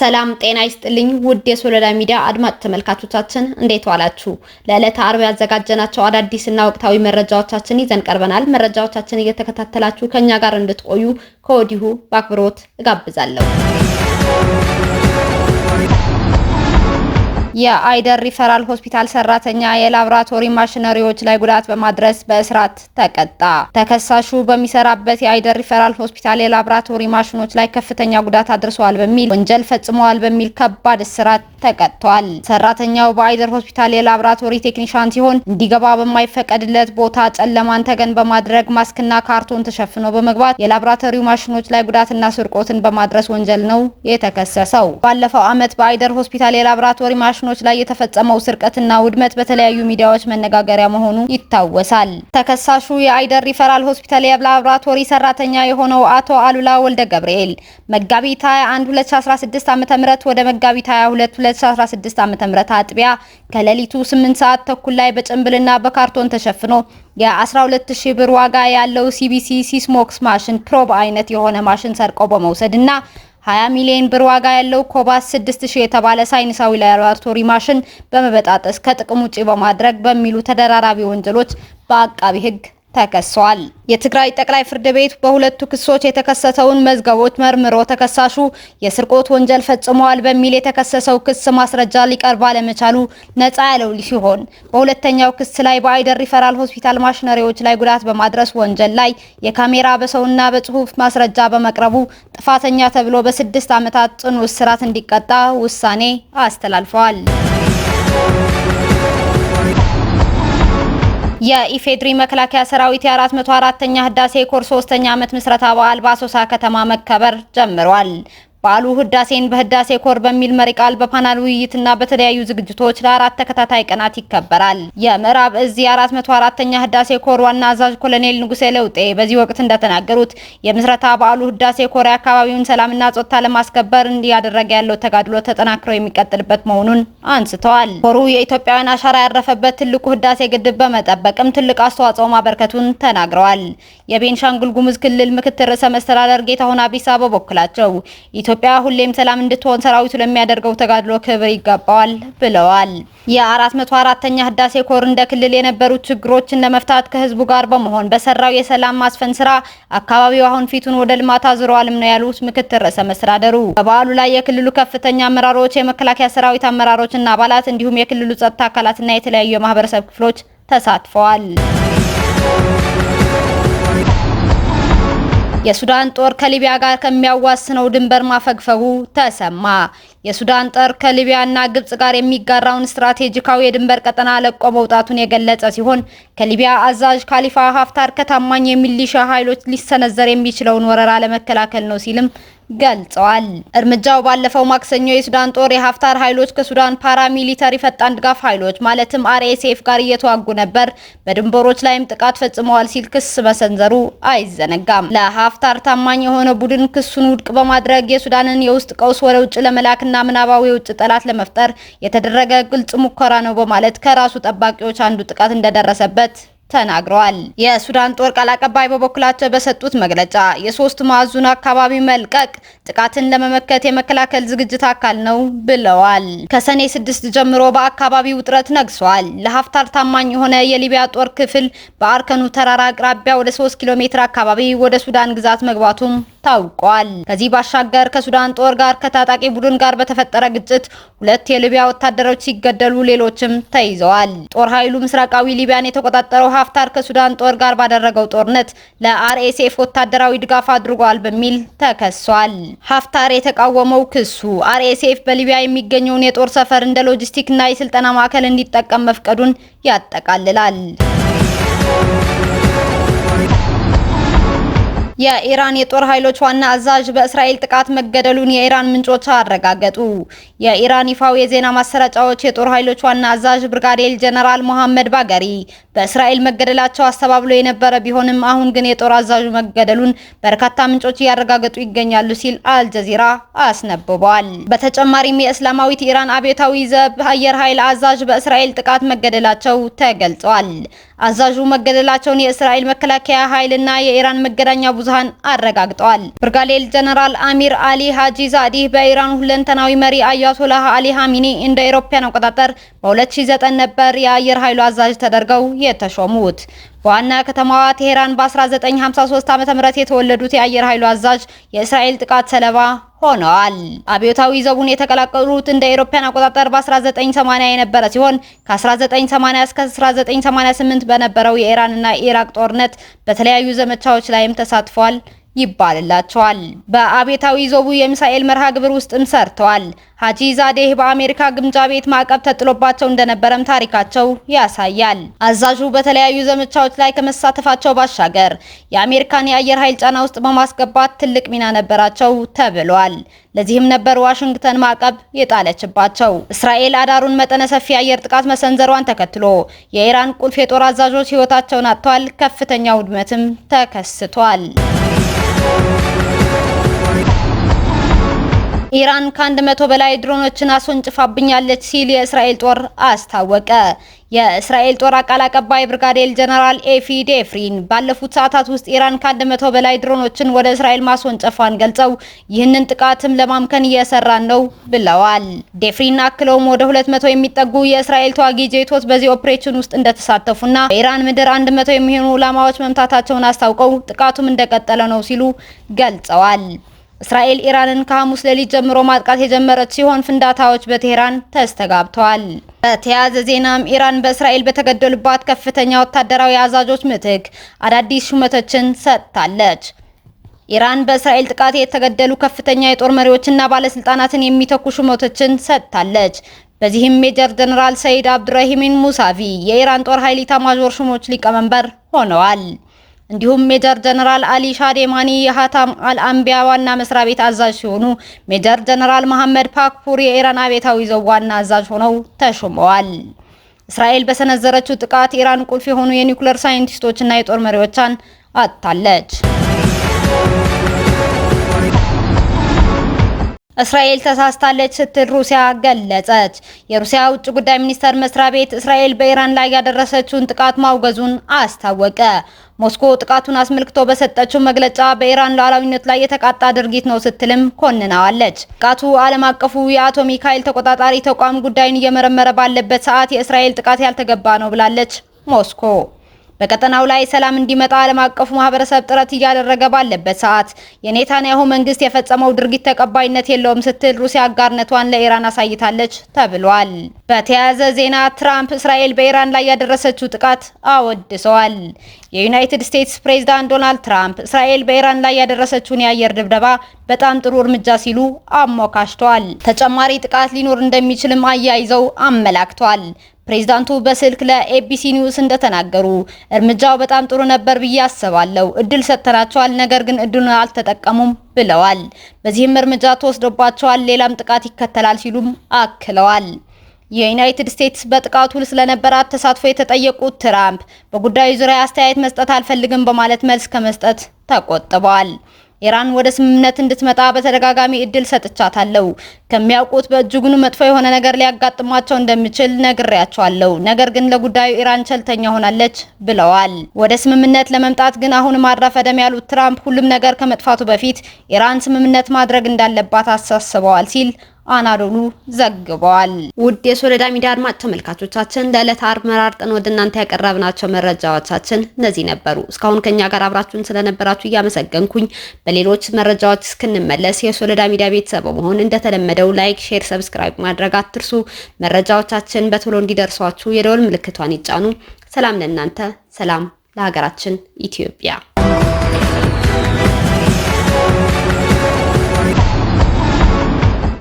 ሰላም ጤና ይስጥልኝ ውድ የሶለዳ ሚዲያ አድማጭ ተመልካቾቻችን እንዴት ዋላችሁ? ለዕለተ አርብ ያዘጋጀናቸው አዳዲስና ወቅታዊ መረጃዎቻችን ይዘን ቀርበናል። መረጃዎቻችን እየተከታተላችሁ ከኛ ጋር እንድትቆዩ ከወዲሁ በአክብሮት እጋብዛለሁ። የአይደር ሪፈራል ሆስፒታል ሰራተኛ የላብራቶሪ ማሽነሪዎች ላይ ጉዳት በማድረስ በእስራት ተቀጣ። ተከሳሹ በሚሰራበት የአይደር ሪፈራል ሆስፒታል የላብራቶሪ ማሽኖች ላይ ከፍተኛ ጉዳት አድርሰዋል በሚል ወንጀል ፈጽመዋል በሚል ከባድ እስራት ተቀጥቷል። ሰራተኛው በአይደር ሆስፒታል የላብራቶሪ ቴክኒሻን ሲሆን እንዲገባ በማይፈቀድለት ቦታ ጨለማን ተገን በማድረግ ማስክና ካርቶን ተሸፍኖ በመግባት የላብራቶሪው ማሽኖች ላይ ጉዳትና ስርቆትን በማድረስ ወንጀል ነው የተከሰሰው። ባለፈው ዓመት በአይደር ሆስፒታል የላብራቶሪ ማሽኖች ላይ የተፈጸመው ስርቀትና ውድመት በተለያዩ ሚዲያዎች መነጋገሪያ መሆኑ ይታወሳል። ተከሳሹ የአይደር ሪፈራል ሆስፒታል የላብራቶሪ ሰራተኛ የሆነው አቶ አሉላ ወልደ ገብርኤል መጋቢት 21 2016 ዓ.ም ወደ መጋቢት 22 2016 ዓ.ም አጥቢያ ከሌሊቱ 8 ሰዓት ተኩል ላይ በጭንብልና በካርቶን ተሸፍኖ የ12000 ብር ዋጋ ያለው ሲቢሲ ሲስሞክስ ማሽን ፕሮብ አይነት የሆነ ማሽን ሰርቀው በመውሰድና 20 ሚሊዮን ብር ዋጋ ያለው ኮባስ 6000 የተባለ ሳይንሳዊ ላቦራቶሪ ማሽን በመበጣጠስ ከጥቅም ውጪ በማድረግ በሚሉ ተደራራቢ ወንጀሎች በአቃቢ ሕግ ተከሷል። የትግራይ ጠቅላይ ፍርድ ቤት በሁለቱ ክሶች የተከሰተውን መዝገቦች መርምሮ ተከሳሹ የስርቆት ወንጀል ፈጽመዋል በሚል የተከሰሰው ክስ ማስረጃ ሊቀርብ አለመቻሉ ነጻ ያለው ሲሆን በሁለተኛው ክስ ላይ በአይደር ሪፈራል ሆስፒታል ማሽነሪዎች ላይ ጉዳት በማድረስ ወንጀል ላይ የካሜራ በሰውና በጽሁፍ ማስረጃ በመቅረቡ ጥፋተኛ ተብሎ በስድስት ዓመታት ጽኑ እስራት እንዲቀጣ ውሳኔ አስተላልፈዋል። የኢፌድሪ መከላከያ ሰራዊት የ404ኛ ህዳሴ ኮር ሶስተኛ ዓመት ምስረታ በዓል በአሶሳ ከተማ መከበር ጀምሯል። በዓሉ ህዳሴን በህዳሴ ኮር በሚል መሪ ቃል በፓናል ውይይትና በተለያዩ ዝግጅቶች ለአራት ተከታታይ ቀናት ይከበራል። የምዕራብ እዝ የአራት መቶ አራተኛ ህዳሴ ኮር ዋና አዛዥ ኮሎኔል ንጉሴ ለውጤ በዚህ ወቅት እንደተናገሩት የምስረታ በዓሉ ህዳሴ ኮር የአካባቢውን ሰላምና ጾታ ለማስከበር እንዲያደረገ ያለው ተጋድሎ ተጠናክሮ የሚቀጥልበት መሆኑን አንስተዋል። ኮሩ የኢትዮጵያውያን አሻራ ያረፈበት ትልቁ ህዳሴ ግድብ በመጠበቅም ትልቅ አስተዋጽኦ ማበርከቱን ተናግረዋል። የቤንሻንጉል ጉሙዝ ክልል ምክትል ርዕሰ መስተዳደር ጌታሁን አቢሳ በበኩላቸው ኢትዮጵያ ሁሌም ሰላም እንድትሆን ሰራዊቱ ለሚያደርገው ተጋድሎ ክብር ይገባዋል ብለዋል። የ404ኛ ህዳሴ ኮር እንደ ክልል የነበሩ ችግሮችን ለመፍታት ከህዝቡ ጋር በመሆን በሰራው የሰላም ማስፈን ስራ አካባቢው አሁን ፊቱን ወደ ልማት አዙረዋልም ነው ያሉት ምክትል ርዕሰ መስተዳደሩ። በበዓሉ ላይ የክልሉ ከፍተኛ አመራሮች፣ የመከላከያ ሰራዊት አመራሮችና አባላት እንዲሁም የክልሉ ጸጥታ አካላትና የተለያዩ የማህበረሰብ ክፍሎች ተሳትፈዋል። የሱዳን ጦር ከሊቢያ ጋር ከሚያዋስነው ድንበር ማፈግፈጉ ተሰማ። የሱዳን ጦር ከሊቢያና ግብጽ ጋር የሚጋራውን ስትራቴጂካዊ የድንበር ቀጠና ለቆ መውጣቱን የገለጸ ሲሆን ከሊቢያ አዛዥ ካሊፋ ሀፍታር ከታማኝ የሚሊሻ ኃይሎች ሊሰነዘር የሚችለውን ወረራ ለመከላከል ነው ሲልም ገልጸዋል። እርምጃው ባለፈው ማክሰኞ የሱዳን ጦር የሀፍታር ኃይሎች ከሱዳን ፓራሚሊተሪ ፈጣን ድጋፍ ኃይሎች ማለትም አርኤስኤፍ ጋር እየተዋጉ ነበር፣ በድንበሮች ላይም ጥቃት ፈጽመዋል ሲል ክስ መሰንዘሩ አይዘነጋም። ለሀፍታር ታማኝ የሆነ ቡድን ክሱን ውድቅ በማድረግ የሱዳንን የውስጥ ቀውስ ወደ ውጭ ለመላክ እና ምናባዊ የውጭ ጠላት ለመፍጠር የተደረገ ግልጽ ሙከራ ነው በማለት ከራሱ ጠባቂዎች አንዱ ጥቃት እንደደረሰበት ተናግረዋል። የሱዳን ጦር ቃል አቀባይ በበኩላቸው በሰጡት መግለጫ የሶስት ማዕዙን አካባቢ መልቀቅ ጥቃትን ለመመከት የመከላከል ዝግጅት አካል ነው ብለዋል። ከሰኔ ስድስት ጀምሮ በአካባቢው ውጥረት ነግሷል። ለሀፍታር ታማኝ የሆነ የሊቢያ ጦር ክፍል በአርከኑ ተራራ አቅራቢያ ወደ ሶስት ኪሎ ሜትር አካባቢ ወደ ሱዳን ግዛት መግባቱም ታውቋል። ከዚህ ባሻገር ከሱዳን ጦር ጋር ከታጣቂ ቡድን ጋር በተፈጠረ ግጭት ሁለት የሊቢያ ወታደሮች ሲገደሉ ሌሎችም ተይዘዋል። ጦር ኃይሉ ምስራቃዊ ሊቢያን የተቆጣጠረው ሀፍታር ከሱዳን ጦር ጋር ባደረገው ጦርነት ለአርኤስኤፍ ወታደራዊ ድጋፍ አድርጓል በሚል ተከሷል። ሀፍታር የተቃወመው ክሱ አርኤስኤፍ በሊቢያ የሚገኘውን የጦር ሰፈር እንደ ሎጂስቲክና የስልጠና ማዕከል እንዲጠቀም መፍቀዱን ያጠቃልላል። የኢራን የጦር ኃይሎች ዋና አዛዥ በእስራኤል ጥቃት መገደሉን የኢራን ምንጮች አረጋገጡ። የኢራን ይፋው የዜና ማሰራጫዎች የጦር ኃይሎች ዋና አዛዥ ብርጋዴር ጀነራል መሐመድ ባገሪ በእስራኤል መገደላቸው አስተባብሎ የነበረ ቢሆንም አሁን ግን የጦር አዛዡ መገደሉን በርካታ ምንጮች እያረጋገጡ ይገኛሉ ሲል አልጀዚራ አስነብቧል። በተጨማሪም የእስላማዊት ኢራን አብዮታዊ ዘብ አየር ኃይል አዛዥ በእስራኤል ጥቃት መገደላቸው ተገልጿል። አዛዡ መገደላቸውን የእስራኤል መከላከያ ኃይልና የኢራን መገናኛ ብዙሃን አረጋግጠዋል። ብርጋዴር ጀነራል አሚር አሊ ሀጂ ዛዲህ በኢራን ሁለንተናዊ መሪ አያ አያቶላህ አሊ ሀሚኒ እንደ አውሮፓውያን አቆጣጠር በ2009 ነበር የአየር ኃይሉ አዛዥ ተደርገው የተሾሙት። በዋና ከተማዋ ቴሄራን በ1953 ዓ.ም የተወለዱት የአየር ኃይሉ አዛዥ የእስራኤል ጥቃት ሰለባ ሆነዋል። አብዮታዊ ዘቡን የተቀላቀሉት እንደ አውሮፓውያን አቆጣጠር በ1980 የነበረ ሲሆን ከ1980 እስከ 1988 በነበረው የኢራንና ኢራቅ ጦርነት በተለያዩ ዘመቻዎች ላይም ተሳትፏል። ይባልላቸዋል። በአቤታዊ ዞቡ የሚሳኤል መርሃ ግብር ውስጥም ሰርተዋል። ሀጂ ዛዴህ በአሜሪካ ግምጃ ቤት ማዕቀብ ተጥሎባቸው እንደነበረም ታሪካቸው ያሳያል። አዛዡ በተለያዩ ዘመቻዎች ላይ ከመሳተፋቸው ባሻገር የአሜሪካን የአየር ኃይል ጫና ውስጥ በማስገባት ትልቅ ሚና ነበራቸው ተብሏል። ለዚህም ነበር ዋሽንግተን ማዕቀብ የጣለችባቸው። እስራኤል አዳሩን መጠነ ሰፊ የአየር ጥቃት መሰንዘሯን ተከትሎ የኢራን ቁልፍ የጦር አዛዦች ህይወታቸውን አጥተዋል። ከፍተኛ ውድመትም ተከስቷል። ኢራን ከአንድ መቶ በላይ ድሮኖችን አስወንጭፋብኛለች ሲል የእስራኤል ጦር አስታወቀ። የእስራኤል ጦር ቃል አቀባይ ብርጋዴር ጀነራል ኤፊ ዴፍሪን ባለፉት ሰዓታት ውስጥ ኢራን ከአንድ መቶ በላይ ድሮኖችን ወደ እስራኤል ማስወንጨፏን ገልጸው ይህንን ጥቃትም ለማምከን እየሰራን ነው ብለዋል። ዴፍሪን አክለውም ወደ ሁለት መቶ የሚጠጉ የእስራኤል ተዋጊ ጄቶች በዚህ ኦፕሬሽን ውስጥ እንደተሳተፉና በኢራን ምድር አንድ መቶ የሚሆኑ ኢላማዎች መምታታቸውን አስታውቀው ጥቃቱም እንደቀጠለ ነው ሲሉ ገልጸዋል። እስራኤል ኢራንን ከሐሙስ ሌሊት ጀምሮ ማጥቃት የጀመረች ሲሆን ፍንዳታዎች በቴህራን ተስተጋብተዋል። በተያያዘ ዜናም ኢራን በእስራኤል በተገደሉባት ከፍተኛ ወታደራዊ አዛዦች ምትክ አዳዲስ ሹመቶችን ሰጥታለች። ኢራን በእስራኤል ጥቃት የተገደሉ ከፍተኛ የጦር መሪዎችና ባለስልጣናትን የሚተኩ ሹመቶችን ሰጥታለች። በዚህም ሜጀር ጀነራል ሰይድ አብዱራሂምን ሙሳቪ የኢራን ጦር ኃይል ኢታማዦር ሹሞች ሊቀመንበር ሆነዋል። እንዲሁም ሜጀር ጀነራል አሊ ሻዴማኒ የሀታም አልአንቢያ ዋና መስሪያ ቤት አዛዥ ሲሆኑ ሜጀር ጀነራል መሐመድ ፓክፑር የኢራን አቤታዊ ዘብ ዋና አዛዥ ሆነው ተሹመዋል። እስራኤል በሰነዘረችው ጥቃት ኢራን ቁልፍ የሆኑ የኒውክሌር ሳይንቲስቶችና የጦር መሪዎቿን አጥታለች። እስራኤል ተሳስታለች ስትል ሩሲያ ገለጸች። የሩሲያ ውጭ ጉዳይ ሚኒስቴር መስሪያ ቤት እስራኤል በኢራን ላይ ያደረሰችውን ጥቃት ማውገዙን አስታወቀ። ሞስኮ ጥቃቱን አስመልክቶ በሰጠችው መግለጫ በኢራን ሉዓላዊነት ላይ የተቃጣ ድርጊት ነው ስትልም ኮንናዋለች። ጥቃቱ ዓለም አቀፉ የአቶሚክ ኃይል ተቆጣጣሪ ተቋም ጉዳይን እየመረመረ ባለበት ሰዓት የእስራኤል ጥቃት ያልተገባ ነው ብላለች ሞስኮ። በቀጠናው ላይ ሰላም እንዲመጣ ዓለም አቀፉ ማህበረሰብ ጥረት እያደረገ ባለበት ሰዓት የኔታንያሁ መንግስት የፈጸመው ድርጊት ተቀባይነት የለውም ስትል ሩሲያ አጋርነቷን ለኢራን አሳይታለች ተብሏል። በተያያዘ ዜና ትራምፕ እስራኤል በኢራን ላይ ያደረሰችው ጥቃት አወድሰዋል። የዩናይትድ ስቴትስ ፕሬዝዳንት ዶናልድ ትራምፕ እስራኤል በኢራን ላይ ያደረሰችውን የአየር ድብደባ በጣም ጥሩ እርምጃ ሲሉ አሞካሽተዋል። ተጨማሪ ጥቃት ሊኖር እንደሚችልም አያይዘው አመላክተዋል። ፕሬዝዳንቱ በስልክ ለኤቢሲ ኒውስ እንደተናገሩ እርምጃው በጣም ጥሩ ነበር ብዬ አስባለሁ። እድል ሰጥተናቸዋል፣ ነገር ግን እድሉን አልተጠቀሙም ብለዋል። በዚህም እርምጃ ተወስዶባቸዋል፣ ሌላም ጥቃት ይከተላል ሲሉም አክለዋል። የዩናይትድ ስቴትስ በጥቃቱ ስለነበራት ተሳትፎ የተጠየቁት ትራምፕ በጉዳዩ ዙሪያ አስተያየት መስጠት አልፈልግም በማለት መልስ ከመስጠት ተቆጥቧል። ኢራን ወደ ስምምነት እንድትመጣ በተደጋጋሚ እድል ሰጥቻታለሁ። ከሚያውቁት በእጅጉን መጥፎ የሆነ ነገር ሊያጋጥማቸው እንደሚችል ነግሬያቸዋለሁ። ነገር ግን ለጉዳዩ ኢራን ቸልተኛ ሆናለች ብለዋል። ወደ ስምምነት ለመምጣት ግን አሁንም አረፈደም ያሉት ትራምፕ ሁሉም ነገር ከመጥፋቱ በፊት ኢራን ስምምነት ማድረግ እንዳለባት አሳስበዋል ሲል አናዶሉ ዘግቧል ውድ የሶለዳ ሚዲያ አድማጭ ተመልካቾቻችን ለዕለት አርብ መራርጠን ወደ እናንተ ያቀረብናቸው መረጃዎቻችን እነዚህ ነበሩ። እስካሁን ከኛ ጋር አብራችሁን ስለነበራችሁ እያመሰገንኩኝ በሌሎች መረጃዎች እስክንመለስ የሶለዳ ሚዲያ ቤተሰብ በመሆን እንደተለመደው ላይክ፣ ሼር፣ ሰብስክራይብ ማድረግ አትርሱ። መረጃዎቻችን በቶሎ እንዲደርሷችሁ የደወል ምልክቷን ይጫኑ። ሰላም ለእናንተ፣ ሰላም ለሀገራችን ኢትዮጵያ።